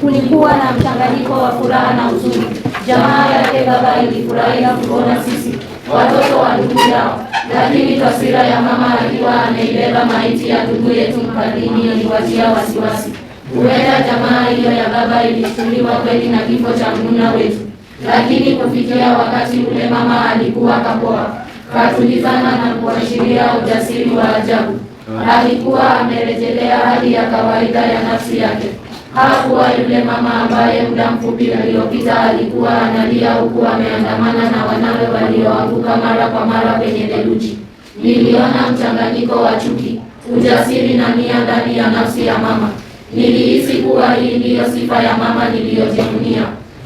Kulikuwa na mchanganyiko wa furaha na huzuni. Jamaa yake baba ilifurahia kuona sisi watoto wa ndugu yao, lakini taswira ya mama akiwa ameibeba maiti ya ndugu yetu mkadhini iliwatia wasiwasi. Huenda jamaa hiyo ya baba ilishtuliwa kweli na kifo cha mnuna wetu, lakini kufikia wakati ule mama alikuwa kapoa, katulizana na kuashiria ujasiri wa ajabu. Alikuwa amerejelea hali ya kawaida ya nafsi yake. Hakuwa yule mama ambaye muda mfupi aliyopita alikuwa analia huku ameandamana na wanawe walioanguka mara kwa mara kwenye theluji. Niliona mchanganyiko wa chuki, ujasiri na nia ndani ya nafsi ya mama. Nilihisi kuwa hii ndiyo sifa ya mama niliyojivunia.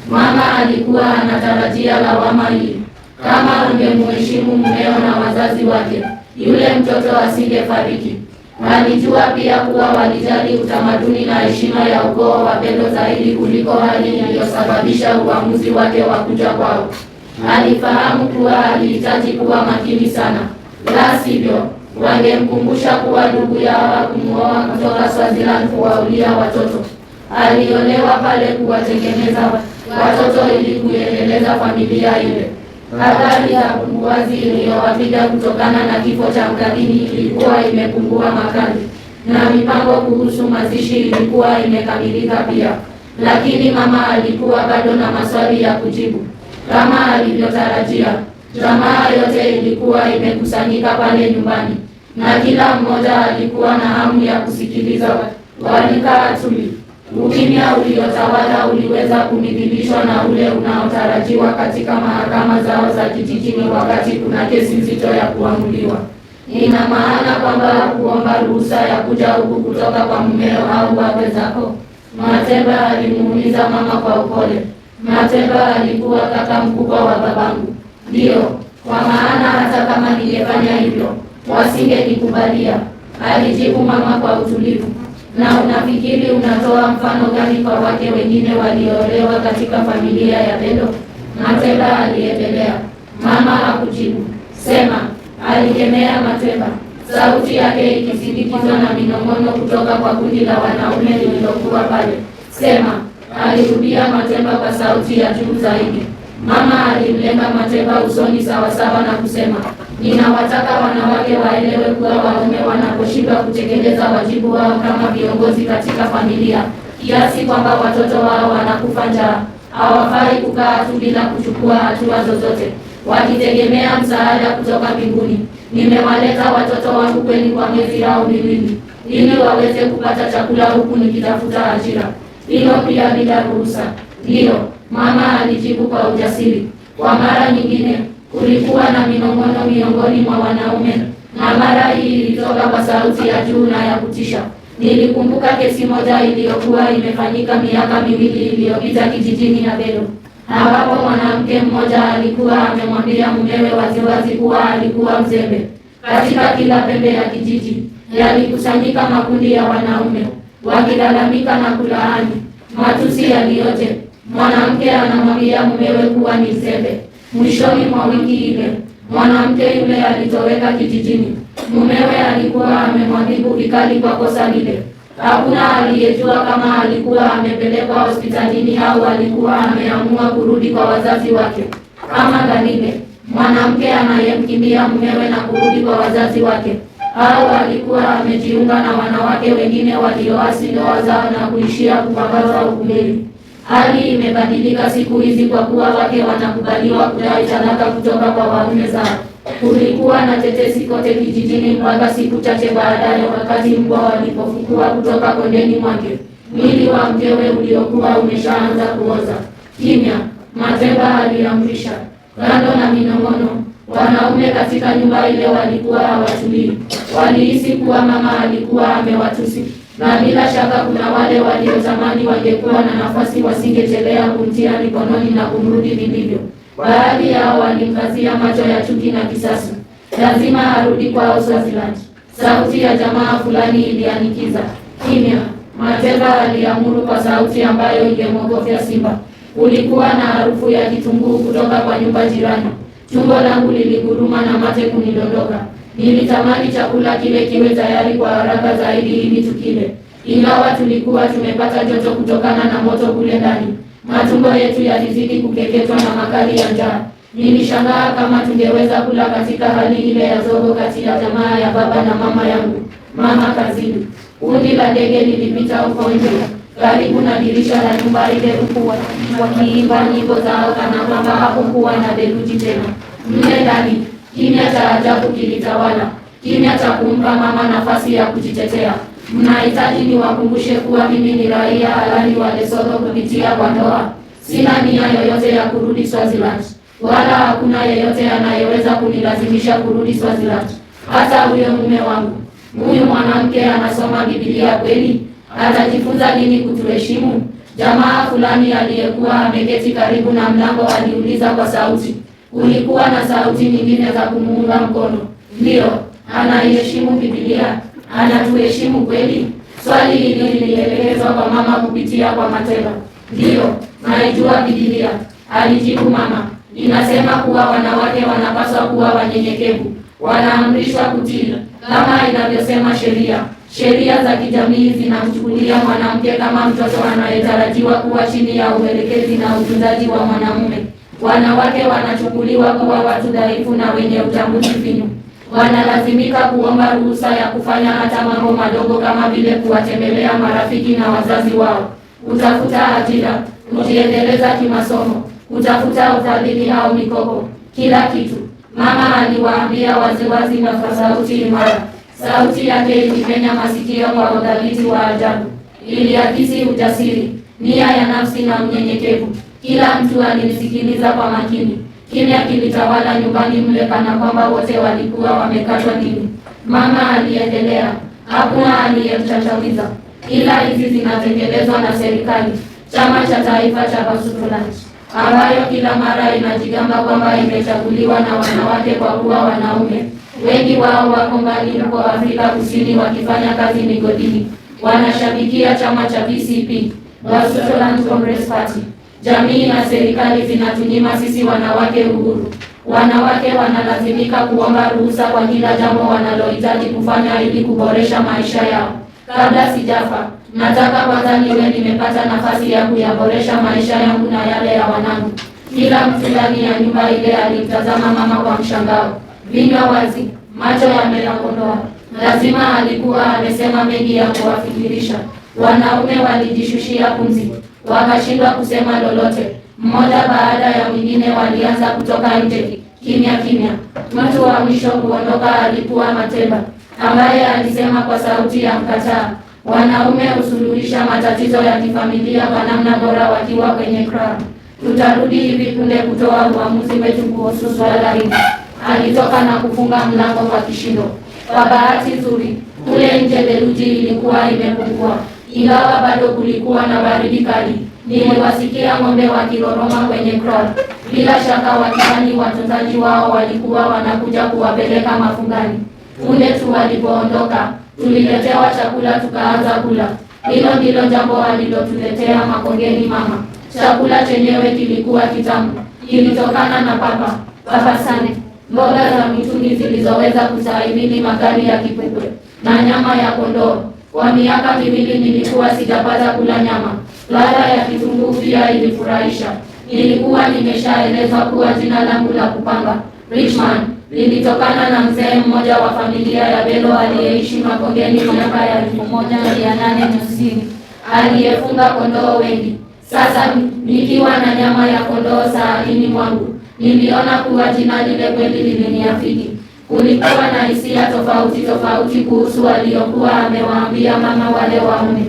Mama alikuwa anatarajia lawama hii. Kama ungemheshimu mumeo na wazazi wake, yule mtoto asingefariki alijua pia kuwa walijali utamaduni na heshima ya ukoo wa Pendo zaidi kuliko hali iliyosababisha uamuzi wake wa kuja kwao. Alifahamu kuwa alihitaji kuwa makini sana, la sivyo wangemkumbusha kuwa ndugu yao hakumwoa kutoka Swaziland kuwaulia watoto. Aliolewa pale kuwatengeneza watoto ili kuendeleza familia ile hadhari ya upunguazi iliyowapiga kutokana na kifo cha mkadhini ilikuwa imepungua makali na mipango kuhusu mazishi ilikuwa imekamilika pia, lakini mama alikuwa bado na maswali ya kujibu. Kama alivyotarajia, jamaa yote ilikuwa imekusanyika pale nyumbani na kila mmoja alikuwa na hamu ya kusikiliza. Walikaa tuli Ukimya uliotawala uliweza kumithilishwa na ule unaotarajiwa katika mahakama zao za kijijini wakati kuna kesi nzito ya kuamuliwa. Ina maana kwamba hakuomba ruhusa ya kuja huku kutoka kwa mmeo au wake zako. Mateba alimuuliza mama kwa upole. Mateba alikuwa kaka mkubwa wa babangu. Ndiyo, kwa maana hata kama ningefanya hivyo wasingenikubalia, alijibu mama kwa utulivu. Na unafikiri unatoa mfano gani kwa wake wengine walioolewa katika familia ya bendo matemba aliendelea. Mama hakujibu. Sema, alikemea matemba sauti yake ikisindikizwa na minong'ono kutoka kwa kundi la wanaume lililokuwa pale. Sema, alirudia matemba kwa sauti ya juu zaidi. Mama alimlenga matemba usoni sawasawa na kusema Ninawataka wanawake waelewe kuwa wanaume wanaposhindwa kutekeleza wajibu wao kama viongozi katika familia, kiasi kwamba watoto wao wanakufa njaa, hawafai kukaa tu bila kuchukua hatua zozote, wakitegemea msaada kutoka mbinguni. Nimewaleta watoto wangu kweli kwa miezi yao miwili, ili waweze kupata chakula huku nikitafuta ajira. Hilo pia bila ruhusa? Ndiyo, mama alijibu kwa ujasiri. Kwa mara nyingine Kulikuwa na minong'ono miongoni mwa wanaume, na mara hii ilitoka kwa sauti ya juu na ya kutisha. Nilikumbuka kesi moja iliyokuwa imefanyika miaka miwili iliyopita kijijini Belo, ambapo mwanamke mmoja alikuwa amemwambia mumewe waziwazi kuwa alikuwa mzembe. Katika kila pembe ya kijiji yalikusanyika makundi ya wanaume wakilalamika na kulaani matusi yaliyoje. Mwanamke anamwambia mumewe kuwa ni mzembe. Mwishoni mwa wiki ile mwanamke yule alitoweka kijijini. Mumewe alikuwa amemwadhibu vikali kwa kosa lile. Hakuna aliyejua kama alikuwa amepelekwa hospitalini au alikuwa ameamua kurudi kwa wazazi wake kama Galile, mwanamke anayemkimbia mumewe na kurudi kwa wazazi wake, au alikuwa amejiunga na wanawake wengine walioasi ndoa zao na kuishia kupagaza ukumeli. Hali imebadilika siku hizi kwa kuwa wake wanakubaliwa kudai talaka kutoka kwa waume zao. Kulikuwa na tetesi kote kijijini mpaka siku chache baadaye, wakati mbwa walipofukua kutoka kondeni mwake mwili wa mkewe uliokuwa umeshaanza kuoza. Kimya Mazemba aliamrisha. Gando na minong'ono, wanaume katika nyumba ile walikuwa hawatulii. Walihisi kuwa mama alikuwa amewatusi na bila shaka kuna wale waliotamani wangekuwa na nafasi wasingetelea kumtia mikononi na kumrudi vilivyo. Baadhi yao walimkazia macho ya chuki na kisasi. Lazima arudi kwao Swaziland, sauti ya jamaa fulani ilianikiza kimya. Mateba aliamuru kwa sauti ambayo ingemwogofya simba. ulikuwa na harufu ya kitunguu kutoka kwa nyumba jirani. Tumbo langu liliguruma na mate kunidondoka. Nilitamani chakula kile kiwe tayari kwa haraka zaidi ili tukile, ingawa tulikuwa tumepata joto kutokana na moto kule ndani. Matumbo yetu yalizidi kukeketwa na makali ya njaa. Nilishangaa kama tungeweza kula katika hali ile ya zogo kati ya jamaa ya baba na mama yangu, mama kazini. Kundi la ndege lilipita huko nje karibu na dirisha la nyumba ile, huku wakiimba nyimbo zao kana kwamba hakukuwa na theluji tena mle ndani. Kimya cha ajabu kilitawala, kimya cha kumpa mama nafasi ya kujitetea. Mnahitaji niwakumbushe kuwa mimi ni raia halali wa Lesotho kupitia kwa ndoa. Sina nia yoyote ya kurudi Swaziland, wala hakuna yeyote anayeweza kunilazimisha kurudi Swaziland, hata huyo mume wangu. Huyu mwanamke anasoma Biblia kweli? Atajifunza nini kutuheshimu? Jamaa fulani aliyekuwa ameketi karibu na mlango aliuliza kwa sauti. Ulikuwa na sauti nyingine za kumuunga mkono. Ndiyo, anaiheshimu Biblia, anatuheshimu kweli? Swali hili lilielekezwa kwa mama kupitia kwa Mateva. Ndiyo, naijua Biblia, alijibu mama. Inasema kuwa wanawake wanapaswa kuwa wanyenyekevu, wanaamrishwa kutii kama inavyosema sheria. Sheria za kijamii zinamchukulia mwanamke kama mtoto anayetarajiwa kuwa chini ya uelekezi na utunzaji wa mwanamume. Wanawake wanachukuliwa kuwa watu dhaifu na wenye utambuzi finyu. Wanalazimika kuomba ruhusa ya kufanya hata mambo madogo kama vile kuwatembelea marafiki na wazazi wao, kutafuta ajira, kujiendeleza kimasomo, kutafuta ufadhili au mikopo, kila kitu. Mama aliwaambia waziwazi na kwa sauti imara. Sauti yake ilipenya masikio kwa udhabiti wa ajabu, iliakisi ujasiri, nia ya nafsi na unyenyekevu. Kila mtu alimsikiliza kwa makini. Kimya kilitawala nyumbani mle, kana kwamba wote walikuwa wamekatwa nini Mama aliendelea, hakuna aliyemchachawiza, ila hizi zinatengelezwa na serikali, chama cha taifa cha Basutolanji ambayo kila mara inajigamba kwamba imechaguliwa na wanawake kwa kuwa wanaume wengi wao wako mbali huko Afrika Kusini wakifanya kazi migodini. Wanashabikia chama cha BCP, Basutoland Congress Party. Jamii na serikali zinatunyima sisi wanawake uhuru. Wanawake wanalazimika kuomba ruhusa kwa kila jambo wanalohitaji kufanya ili kuboresha maisha yao. Kabla sijafa, nataka kwanza niwe nimepata nafasi ya kuyaboresha maisha yangu na yale ya wanangu. Kila mtu ndani ya nyumba ile alimtazama mama kwa mshangao, vinywa wazi, macho yameyakondoa. Lazima alikuwa amesema mengi ya kuwafikirisha. Wanaume walijishushia pumzi wakashindwa kusema lolote. Mmoja baada ya mwingine walianza kutoka nje kimya kimya. Mtu wa mwisho kuondoka alikuwa matemba ambaye alisema kwa sauti ya mkataa, wanaume husuluhisha matatizo ya kifamilia kwa namna bora wakiwa kwenye kra Tutarudi hivi punde kutoa uamuzi wetu kuhusu swala hili. Alitoka na kufunga mlango kwa kishindo. Kwa bahati nzuri, kule nje theluji ilikuwa imepungua. Ingawa bado kulikuwa na baridi kali, niliwasikia ng'ombe kiroroma kwenye kraal. Bila shaka wakidhani watunzaji wao walikuwa wanakuja kuwapeleka mafungani. Punde tu walipoondoka, tuliletewa chakula tukaanza kula. Hilo ndilo jambo alilotuletea Makongeni mama. Chakula chenyewe kilikuwa kitamu, kilitokana na papa papa sane, mboga za mituni zilizoweza kustahimili makali ya kipepwe na nyama ya kondoo. Kwa miaka miwili nilikuwa sijapata kula nyama. Ladha ya kitunguu pia ilifurahisha. Nilikuwa nimeshaeleza kuwa jina langu la kupanga Richman lilitokana na mzee mmoja wa familia ya Belo aliyeishi Makongeni miaka ya elfu moja mia nane hamsini aliyefunga kondoo wengi. Sasa nikiwa na nyama ya kondoo sahanini mwangu, niliona kuwa jina lile kweli limeniafiki. Kulikuwa na hisia tofauti tofauti kuhusu waliokuwa amewaambia mama wale waume.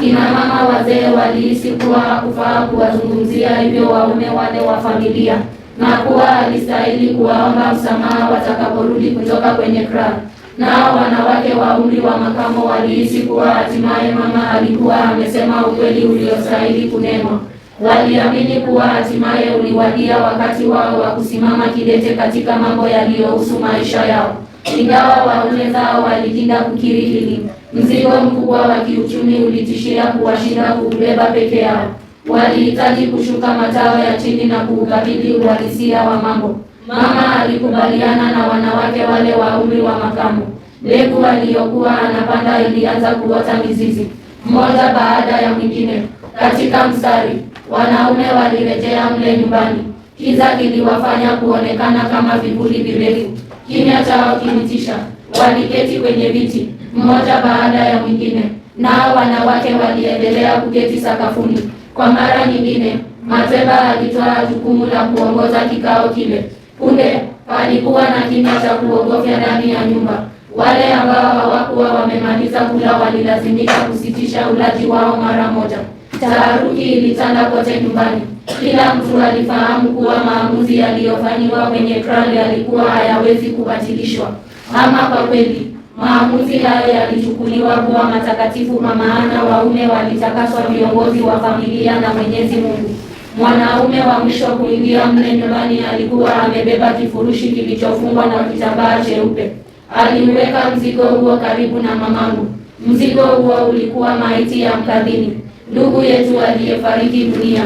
Kina mama wazee walihisi kuwa hakufaa kuwazungumzia hivyo waume wale wa familia, na kuwa alistahili kuwaomba msamaha watakaporudi kutoka kwenye kra. Nao wanawake wa umri wa makamo walihisi kuwa hatimaye mama alikuwa amesema ukweli uliostahili kunenwa. Waliamini kuwa hatimaye uliwadia wakati wao wa kusimama kidete katika mambo yaliyohusu maisha yao. Ingawa waume zao walipinga kukiri hili, mzigo mkubwa wa kiuchumi ulitishia kuwashinda kuubeba peke yao. Walihitaji kushuka matao ya chini na kuukabili uhalisia wa mambo. Mama alikubaliana na wanawake wale wa umri wa makamo Mbegu aliyokuwa anapanda ilianza kuota mizizi, mmoja baada ya mwingine, katika mstari Wanaume walirejea mle nyumbani, kiza kiliwafanya kuonekana kama vivuli virefu. Kimya chao kilitisha. Waliketi kwenye viti mmoja baada ya mwingine, nao wanawake waliendelea kuketi sakafuni. Kwa mara nyingine, Mateba alitoa jukumu la kuongoza kikao kile. Punde palikuwa na kimya cha kuogofya ndani ya nyumba. Wale ambao hawakuwa wamemaliza kula walilazimika kusitisha ulaji wao mara moja. Taharuki ilitanda kote nyumbani. Kila mtu alifahamu kuwa maamuzi yaliyofanyiwa kwenye trial yalikuwa hayawezi kubatilishwa. Ama kwa kweli, maamuzi hayo yalichukuliwa kuwa matakatifu, kwa maana waume walitakaswa viongozi wa familia na Mwenyezi Mungu. Mwanaume wa mwisho kuingia mle nyumbani alikuwa amebeba kifurushi kilichofungwa na kitambaa cheupe. Aliuweka mzigo huo karibu na mamangu. Mzigo huo ulikuwa maiti ya mkadhini ndugu yetu aliyefariki dunia.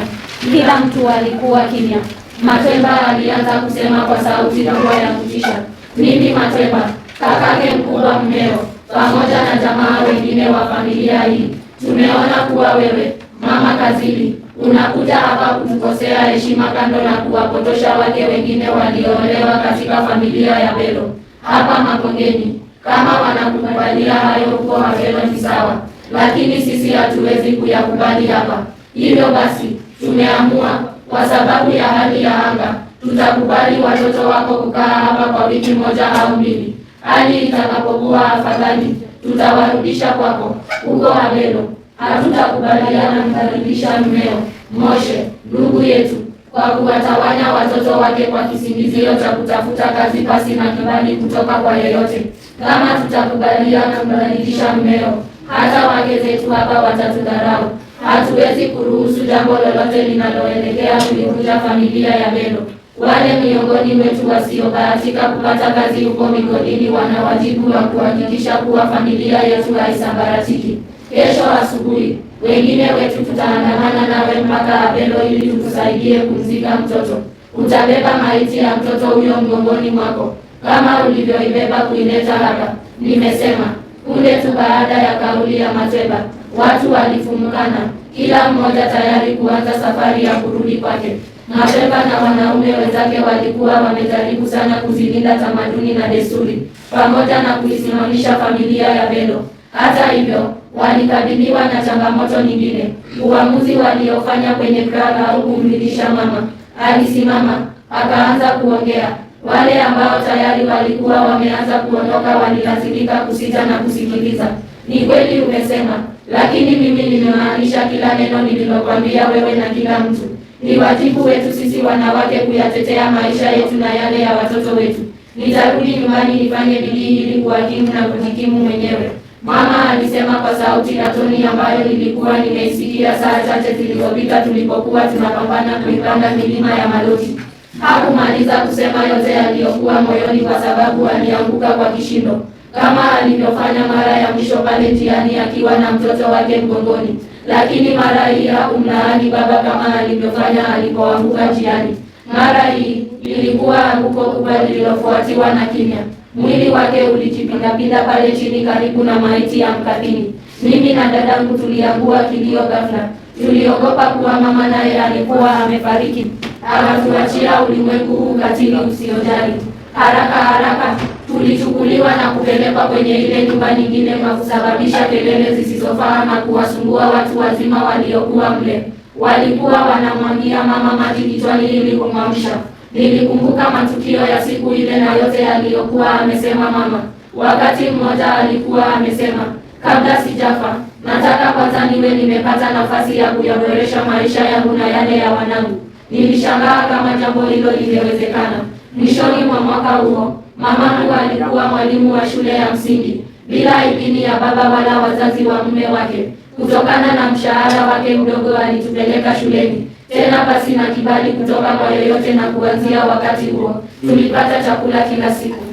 Kila mtu alikuwa kimya. Matemba alianza kusema kwa sauti kubwa ya kutisha, mimi Matemba, kakake mkubwa mmeo, pamoja na jamaa wengine wa familia hii, tumeona kuwa wewe mama Kazili unakuja hapa kutukosea heshima, kando na kuwapotosha wake wengine walioolewa katika familia ya Belo hapa Makongeni. Kama wanakukubalia hayo, huko Mabelo ni sawa lakini sisi hatuwezi kuyakubali hapa. Hivyo basi tumeamua kwa sababu ya hali ya anga, tutakubali watoto wako kukaa hapa kwa wiki moja au mbili. Hali itakapokuwa afadhali, tutawarudisha kwako huko Habelo. Hatutakubaliana mkaribisha mmeo Moshe ndugu yetu kwa kuwatawanya watoto wake kwa kisingizio cha kutafuta kazi pasi na kibali kutoka kwa yeyote. Kama tutakubaliana kumkaribisha mmeo hata wake zetu hapa watatudharau. Hatuwezi kuruhusu jambo lolote linaloelekea kuivunja familia ya belo Wale miongoni mwetu wasiobahatika kupata kazi huko migodini wana wajibu wa kuhakikisha kuwa familia yetu haisambaratiki. Kesho asubuhi wengine wetu tutaandamana nawe mpaka Apelo ili tukusaidie kumzika mtoto. Utabeba maiti ya mtoto huyo mgongoni mwako kama ulivyoibeba kuileta hapa. Nimesema Punde tu baada ya kauli ya Mateba, watu walifumukana, kila mmoja tayari kuanza safari ya kurudi kwake. Mateba na wanaume wenzake walikuwa wamejaribu sana kuzilinda tamaduni na desturi pamoja na kuisimamisha familia ya Belo. Hata hivyo, walikabiliwa na changamoto nyingine. Uamuzi waliofanya kwenye Praga au kumridisha mama alisimama akaanza kuongea. Wale ambao tayari walikuwa wameanza kuondoka walilazimika kusita na kusikiliza. Ni kweli umesema, lakini mimi nimemaanisha kila neno nililokwambia wewe na kila mtu. Ni wajibu wetu sisi wanawake kuyatetea maisha yetu na yale ya watoto wetu. Nitarudi nyumbani nifanye bidii ili kuwakimu na kujikimu mwenyewe, mama alisema kwa sauti na toni ambayo nilikuwa nimeisikia saa chache zilizopita tulipokuwa tunapambana kuipanda milima ya Maloti hakumaliza kusema yote yaliyokuwa moyoni, kwa sababu alianguka kwa kishindo, kama alivyofanya mara ya mwisho pale njiani akiwa na mtoto wake mgongoni. Lakini mara hii hakumlaani baba kama alivyofanya alipoanguka njiani. Mara hii ilikuwa anguko kubwa lililofuatiwa na kimya. Mwili wake ulijipindapinda pale chini karibu na maiti ya mkathini. Mimi na dadangu tuliangua kilio ghafla, tuliogopa kuwa mama naye alikuwa amefariki akatuachia ulimwengu huu katili usiojali. Haraka haraka tulichukuliwa na kupelekwa kwenye ile nyumba nyingine kwa kusababisha kelele zisizofaa na kuwasumbua watu wazima waliokuwa mle. Walikuwa wanamwambia mama maji kichwani ili kumwamsha. Nilikumbuka matukio ya siku ile na yote aliyokuwa amesema mama. Wakati mmoja alikuwa amesema, kabla sijafa nataka kwanza niwe nimepata nafasi ya kuyaboresha maisha yangu na yale ya wanangu. Nilishangaa kama jambo hilo lingewezekana. Mwishoni mwa mwaka huo, mamangu alikuwa mwalimu wa shule ya msingi bila idhini ya baba wala wazazi wa mume wake. Kutokana na mshahara wake mdogo, alitupeleka shuleni tena pasi na kibali kutoka kwa yoyote, na kuanzia wakati huo tulipata chakula kila siku.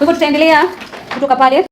hivyo tutaendelea kutoka pale.